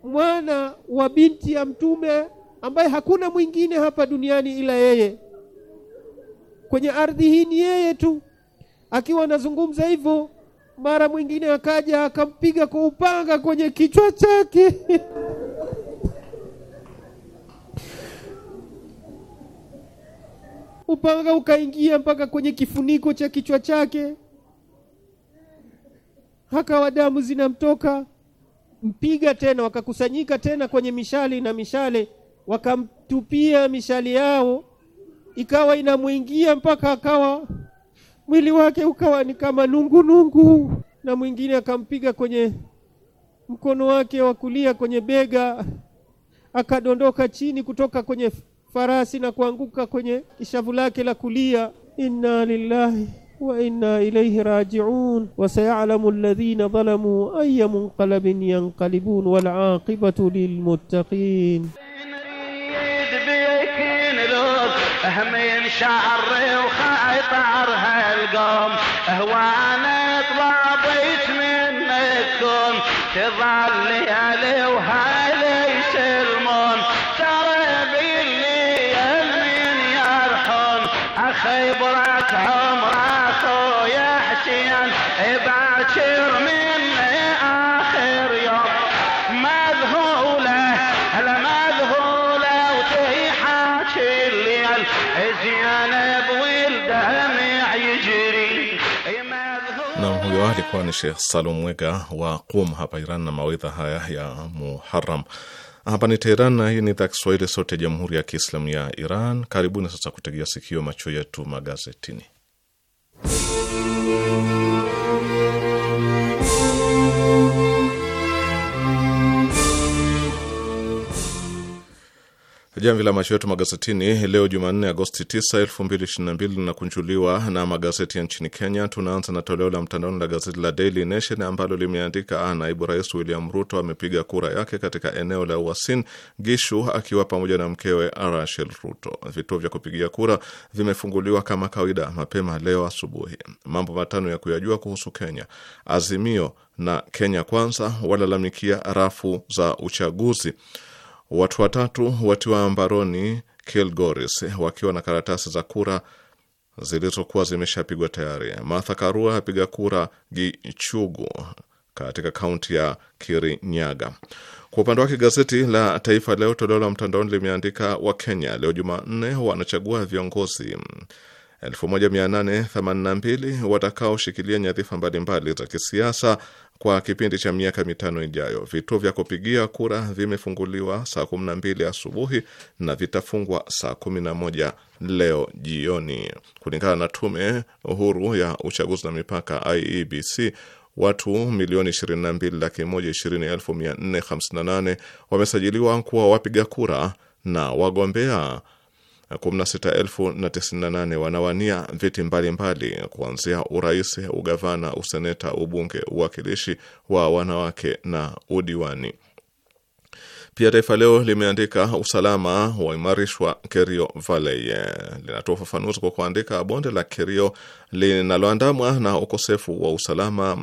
mwana wa binti ya mtume ambaye hakuna mwingine hapa duniani ila yeye kwenye ardhi hii ni yeye tu akiwa anazungumza hivyo mara mwingine akaja akampiga kwa upanga kwenye kichwa chake upanga ukaingia mpaka kwenye kifuniko cha kichwa chake, akawa damu zinamtoka. Mpiga tena, wakakusanyika tena kwenye mishali na mishale, wakamtupia mishali yao, ikawa inamwingia mpaka akawa mwili wake ukawa ni kama nungunungu nungu. Na mwingine akampiga kwenye mkono wake wa kulia kwenye bega, akadondoka chini kutoka kwenye farasi na kuanguka kwenye kishavu lake la kulia, inna lillahi wa inna ilayhi raji'un wa sayalamu alladhina zalamu ayya munqalabin yanqalibun wal aqibatu lilmuttaqin. همين شعري وخايط عرها القوم هوانا طلع بيت منكم تظل ليالي وهاي alikuwa ni Sheikh Salum Mwega wa Qum hapa Iran, na mawaidha haya ya muharam hapa ni Teheran na hii ni idhaa Kiswahili sote Jamhuri ya Kiislamu ya Iran. Karibuni sasa kutegea sikio macho yetu magazetini Jamvi la macho yetu magazetini leo Jumanne, Agosti 9, 2022 linakunjuliwa na magazeti ya nchini Kenya. Tunaanza na toleo la mtandaoni la gazeti la Daily Nation ambalo limeandika ah, naibu rais William Ruto amepiga kura yake katika eneo la Uasin Gishu akiwa pamoja na mkewe Rachel Ruto. Vituo vya kupigia kura vimefunguliwa kama kawaida mapema leo asubuhi. Mambo matano ya kuyajua kuhusu Kenya. Azimio na Kenya Kwanza walalamikia rafu za uchaguzi. Watu watatu watiwa mbaroni Kilgoris wakiwa na karatasi za kura zilizokuwa zimeshapigwa tayari. Martha Karua apiga kura Gichugu katika kaunti ya Kirinyaga. Kwa upande wake gazeti la Taifa Leo toleo la mtandaoni limeandika Wakenya leo Jumanne wanachagua viongozi 1882 watakaoshikilia nyadhifa mbalimbali za kisiasa kwa kipindi cha miaka mitano ijayo. Vituo vya kupigia kura vimefunguliwa saa 12 asubuhi na vitafungwa saa 11 leo jioni, kulingana na Tume Huru ya Uchaguzi na Mipaka IEBC. Watu milioni 22 laki moja ishirini elfu mia nne na nane wamesajiliwa kuwa wapiga kura na wagombea 16098 wanawania viti mbalimbali kuanzia urais, ugavana, useneta, ubunge, uwakilishi wa wanawake na udiwani. Pia Taifa Leo limeandika usalama waimarishwa Kerio Valley. Linatoa ufafanuzi kwa kuandika bonde la Kerio linaloandamwa na ukosefu wa usalama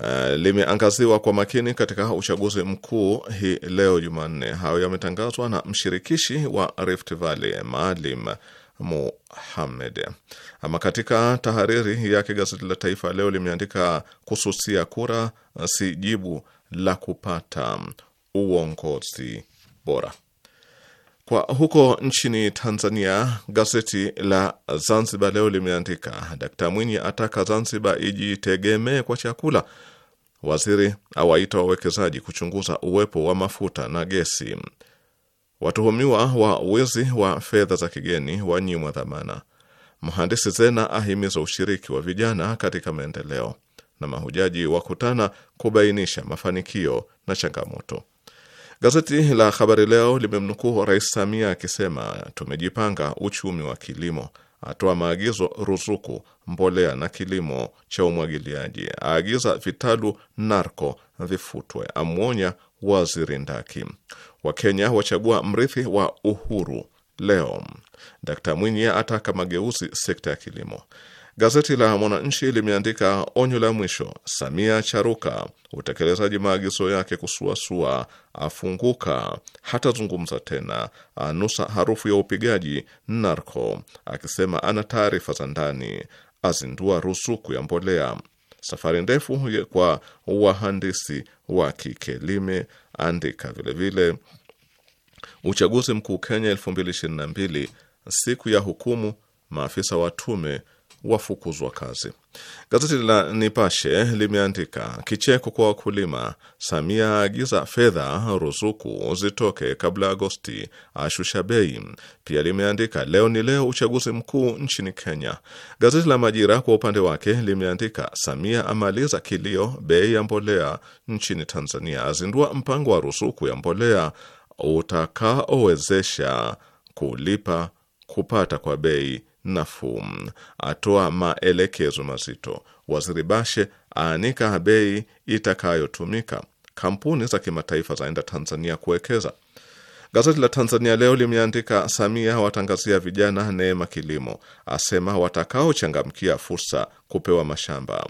uh, eh, limeangaziwa kwa makini katika uchaguzi mkuu hii leo Jumanne. Hayo yametangazwa na mshirikishi wa Rift Valley Maalim Muhamed. Ama katika tahariri yake, gazeti la Taifa Leo limeandika kususia kura si jibu la kupata uongozi bora. Kwa huko nchini Tanzania, gazeti la Zanzibar Leo limeandika Dkt Mwinyi ataka Zanzibar ijitegemee kwa chakula. Waziri awaita wawekezaji kuchunguza uwepo wa mafuta na gesi. Watuhumiwa wa wizi wa fedha za kigeni wanyimwa dhamana. Mhandisi Zena ahimiza ushiriki wa vijana katika maendeleo, na mahujaji wakutana kubainisha mafanikio na changamoto. Gazeti la Habari Leo limemnukuu Rais Samia akisema tumejipanga uchumi wa kilimo, atoa maagizo ruzuku, mbolea na kilimo cha umwagiliaji, aagiza vitalu narko vifutwe, amwonya waziri Ndaki. Wakenya wachagua mrithi wa Uhuru leo. Dkt Mwinyi ataka mageuzi sekta ya kilimo. Gazeti la Mwananchi limeandika onyo la mwisho, Samia charuka, utekelezaji maagizo yake kusuasua, afunguka, hatazungumza tena, anusa harufu ya upigaji narko, akisema ana taarifa za ndani, azindua rusuku ya mbolea, safari ndefu kwa wahandisi wa kike, limeandika vilevile uchaguzi mkuu Kenya 2022 siku ya hukumu, maafisa wa tume wafukuzwa kazi. Gazeti la Nipashe limeandika kicheko kwa wakulima, Samia aagiza fedha ruzuku zitoke kabla Agosti, ashusha bei. Pia limeandika leo ni leo uchaguzi mkuu nchini Kenya. Gazeti la Majira kwa upande wake limeandika Samia amaliza kilio bei ya mbolea nchini Tanzania, azindua mpango wa ruzuku ya mbolea utakaowezesha kulipa kupata kwa bei nafuu, atoa maelekezo mazito, waziri Bashe aanika bei itakayotumika, kampuni za kimataifa zaenda Tanzania kuwekeza. Gazeti la Tanzania Leo limeandika, Samia watangazia vijana neema kilimo, asema watakaochangamkia fursa kupewa mashamba.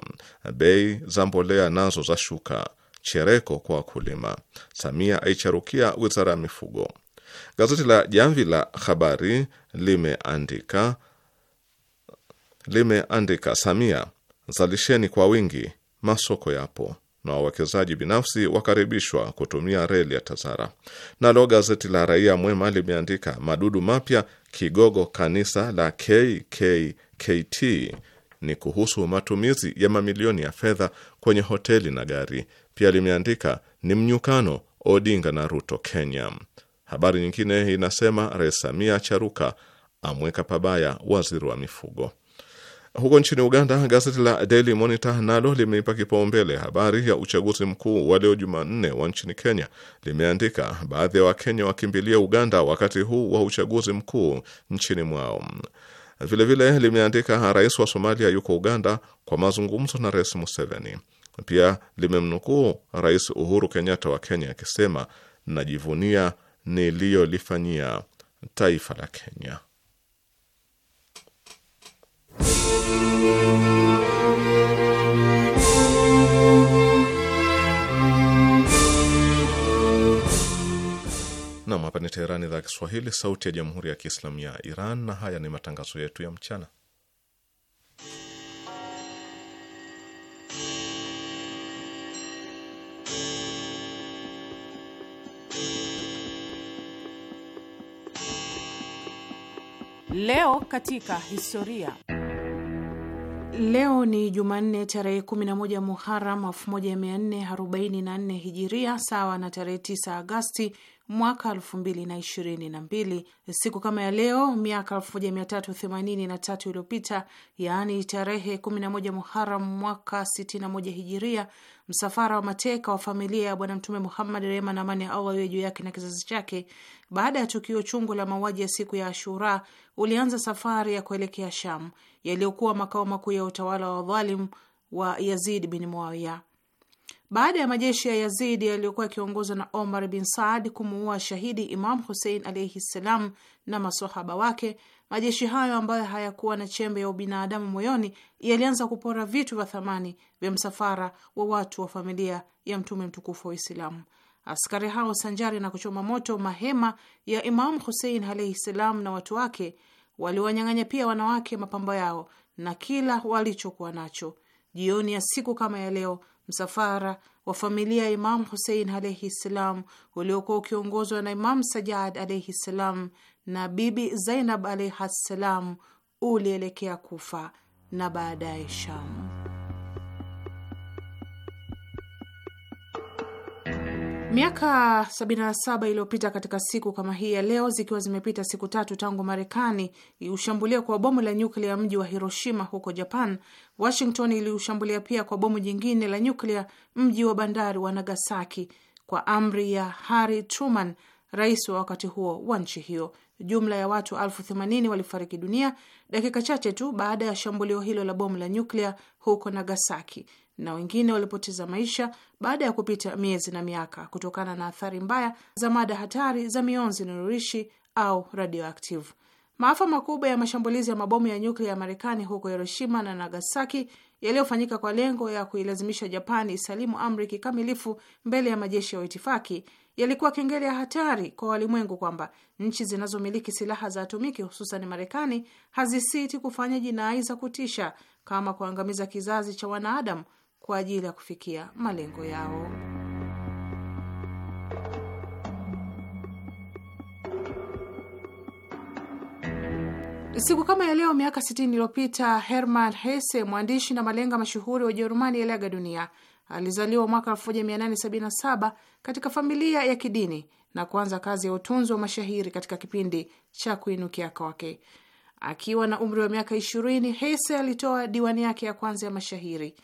Bei za mbolea nazo za shuka, chereko kwa wakulima, Samia aicharukia wizara ya mifugo. Gazeti la Jamvi la Habari limeandika limeandika Samia, zalisheni kwa wingi, masoko yapo na wawekezaji binafsi wakaribishwa kutumia reli ya TAZARA. Nalo gazeti la Raia Mwema limeandika madudu mapya kigogo kanisa la KKKT ni kuhusu matumizi ya mamilioni ya fedha kwenye hoteli na gari. Pia limeandika ni mnyukano Odinga na Ruto Kenya. Habari nyingine inasema Rais Samia charuka amweka pabaya waziri wa mifugo. Huko nchini Uganda, gazeti la Daily Monitor nalo limeipa kipaumbele habari ya uchaguzi mkuu wa leo Jumanne wa nchini Kenya. Limeandika baadhi ya Wakenya wakimbilia Uganda wakati huu wa uchaguzi mkuu nchini mwao. Vilevile vile, limeandika rais wa Somalia yuko Uganda kwa mazungumzo na Rais Museveni. Pia limemnukuu Rais Uhuru Kenyatta wa Kenya akisema, najivunia niliyolifanyia taifa la Kenya. Nam, hapa ni Teherani, idhaa ya Kiswahili, sauti ya jamhuri ya kiislamu ya Iran, na haya ni matangazo yetu ya mchana. Leo katika historia Leo ni Jumanne tarehe 11 Muharam 1444 hijiria sawa na tarehe 9 Agasti mwaka elfu mbili na ishirini na mbili. Siku kama ya leo miaka elfu moja mia tatu themanini na tatu iliyopita, yaani tarehe kumi na moja Muharam mwaka sitini na moja hijiria, msafara wa mateka wa familia ya Bwana Mtume Muhammad, rehema na amani ya Allah iwe juu yake na kizazi chake, baada ya tukio chungu la mauaji ya siku ya Ashura ulianza safari ya kuelekea sham yaliyokuwa makao makuu ya utawala wa dhalim wa Yazid bin Muawiya. Baada ya majeshi ya Yazidi yaliyokuwa yakiongozwa na Omar bin Saad kumuua shahidi Imam Husein alaihi ssalam na masohaba wake, majeshi hayo ambayo hayakuwa na chembe ya ubinadamu moyoni yalianza kupora vitu vya thamani vya msafara wa watu wa familia ya Mtume mtukufu wa Uislamu. Askari hao sanjari na kuchoma moto mahema ya Imam Husein alaihi ssalam na watu wake, waliwanyang'anya pia wanawake mapambo yao na kila walichokuwa nacho. Jioni ya siku kama ya leo Msafara wa familia ya Imamu Husein alaihi ssalam uliokuwa ukiongozwa na Imamu Sajad alaihi ssalam na Bibi Zainab alaihi ssalam ulielekea Kufa na baadaye Shamu. Miaka 77 iliyopita katika siku kama hii ya leo, zikiwa zimepita siku tatu tangu Marekani iushambulia kwa bomu la nyuklia mji wa Hiroshima huko Japan, Washington iliushambulia pia kwa bomu jingine la nyuklia mji wa bandari wa Nagasaki kwa amri ya Harry Truman, rais wa wakati huo wa nchi hiyo. Jumla ya watu elfu themanini walifariki dunia dakika chache tu baada ya shambulio hilo la bomu la nyuklia huko Nagasaki na wengine walipoteza maisha baada ya kupita miezi na miaka kutokana na athari mbaya za mada hatari za mionzi nururishi au radioaktivu. Maafa makubwa ya mashambulizi ya mabomu ya nyuklia ya Marekani huko Hiroshima na Nagasaki yaliyofanyika kwa lengo ya kuilazimisha Japani isalimu amri kikamilifu mbele ya majeshi ya Uitifaki yalikuwa kengele ya hatari kwa walimwengu kwamba nchi zinazomiliki silaha za atomiki hususan Marekani hazisiti kufanya jinai za kutisha kama kuangamiza kizazi cha wanaadamu kwa ajili ya kufikia malengo yao. Siku kama ya leo miaka 60 iliyopita Hermann Hesse, mwandishi na malenga mashuhuri wa Ujerumani, aliaga dunia. Alizaliwa mwaka 1877 katika familia ya kidini na kuanza kazi ya utunzi wa mashahiri katika kipindi cha kuinukia kwake. Akiwa na umri wa miaka 20, Hesse alitoa diwani yake ya kwanza ya mashahiri.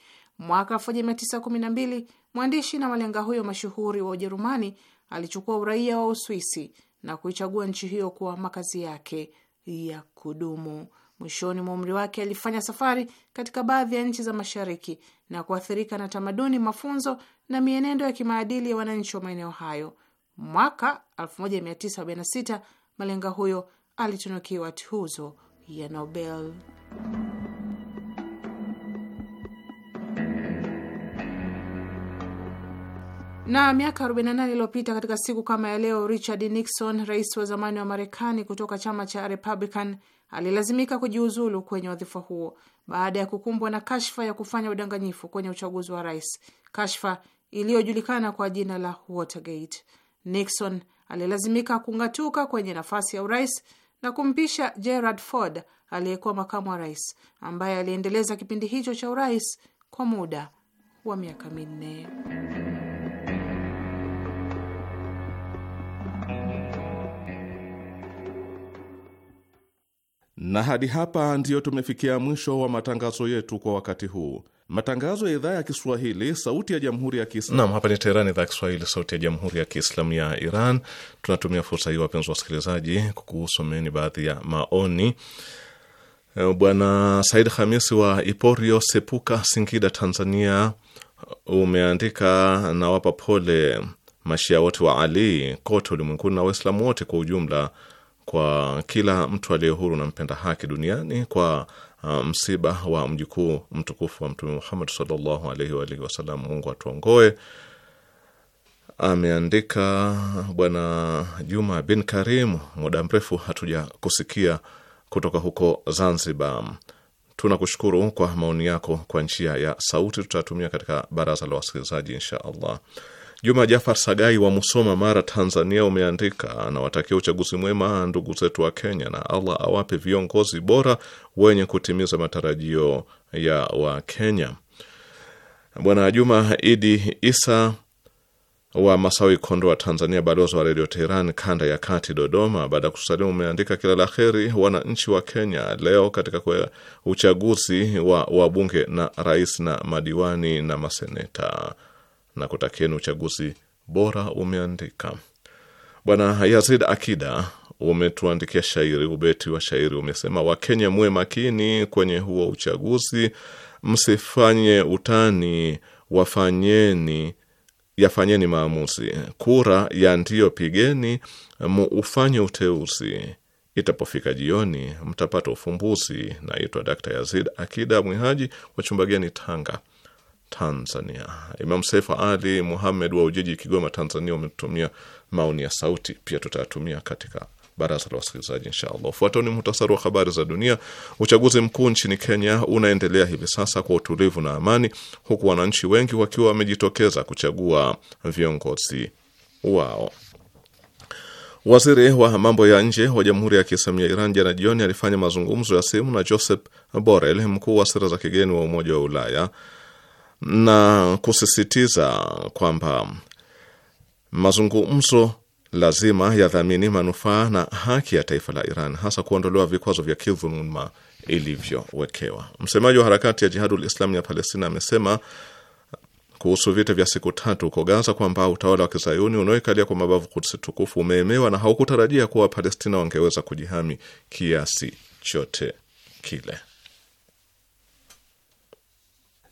Mwaka 1912 mwandishi na malenga huyo mashuhuri wa Ujerumani alichukua uraia wa Uswisi na kuichagua nchi hiyo kuwa makazi yake ya kudumu. Mwishoni mwa umri wake alifanya safari katika baadhi ya nchi za Mashariki na kuathirika na tamaduni, mafunzo na mienendo ya kimaadili ya wananchi wa maeneo hayo. Mwaka 1946 malenga huyo alitunukiwa tuzo ya Nobel. Na miaka 48 iliyopita katika siku kama ya leo, Richard Nixon, rais wa zamani wa Marekani kutoka chama cha Republican, alilazimika kujiuzulu kwenye wadhifa huo baada ya kukumbwa na kashfa ya kufanya udanganyifu kwenye uchaguzi wa rais, kashfa iliyojulikana kwa jina la Watergate. Nixon alilazimika kung'atuka kwenye nafasi ya urais na kumpisha Gerald Ford aliyekuwa makamu wa rais, ambaye aliendeleza kipindi hicho cha urais kwa muda wa miaka minne. Na hadi hapa ndiyo tumefikia mwisho wa matangazo yetu kwa wakati huu. Matangazo ya idhaa ya Kiswahili, sauti ya jamhuri ya Kiislamu. Naam, hapa ni Teherani, idhaa ya Kiswahili, sauti ya jamhuri ya Kiislamu ya Iran. Tunatumia fursa hii, wapenzi wa wasikilizaji, kukusomeni baadhi ya maoni. Eh, Bwana Said Hamis wa Iporio Sepuka, Singida, Tanzania, umeandika nawapa pole mashia wote wa Ali kote ulimwenguni na Waislamu wote kwa ujumla kwa kila mtu aliye huru na mpenda haki duniani kwa uh, msiba wa mjukuu mtukufu wa Mtume Muhammad sallallahu alaihi wa alihi wasallam. Mungu atuongoe. Ameandika Bwana Juma bin Karimu, muda mrefu hatuja kusikia kutoka huko Zanzibar. Tunakushukuru kwa maoni yako kwa njia ya sauti, tutatumia katika baraza la wasikilizaji insha allah. Juma Jafar Sagai wa Musoma, Mara, Tanzania umeandika, anawatakia uchaguzi mwema ndugu zetu wa Kenya na Allah awape viongozi bora wenye kutimiza matarajio ya Wakenya. Bwana Juma Idi Isa wa Masawi, Kondoa, Tanzania, balozi wa Redio Teheran kanda ya kati, Dodoma, baada ya kusalimu, umeandika, kila la heri wananchi wa Kenya leo katika kwa uchaguzi wa wabunge na rais na madiwani na maseneta na kutakieni uchaguzi bora, umeandika Bwana Yazid Akida. Umetuandikia shairi, ubeti wa shairi umesema: Wakenya muwe makini kwenye huo uchaguzi, msifanye utani, wafanyeni yafanyeni maamuzi, kura ya ndiyo pigeni, muufanye uteuzi Itapofika jioni mtapata ufumbuzi. Naitwa Dkt Yazid Akida Mwihaji wa Chumbageni, Tanga, Tanzania. Imam Saif Ali Muhamed wa Ujiji, Kigoma, Tanzania, umetumia maoni ya sauti, pia tutayatumia katika baraza la wasikilizaji inshaallah. Ufuatao ni muhtasari wa habari za dunia. Uchaguzi mkuu nchini Kenya unaendelea hivi sasa kwa utulivu na amani, huku wananchi wengi wakiwa wamejitokeza kuchagua viongozi wao. Waziri wa mambo ya nje wa Jamhuri ya Kiislamu ya Iran jana jioni alifanya mazungumzo ya simu na Joseph Borrell, mkuu wa sera za kigeni wa Umoja wa Ulaya na kusisitiza kwamba mazungumzo lazima yadhamini manufaa na haki ya taifa la Iran, hasa kuondolewa vikwazo vya kidhuluma ilivyowekewa. Msemaji wa harakati ya Jihadul Islami ya Palestina amesema kuhusu vita vya siku tatu huko Gaza kwamba utawala wa kizayuni unaoikalia kwa mabavu Kudsi tukufu umeemewa na haukutarajia kuwa Wapalestina wangeweza kujihami kiasi chote kile.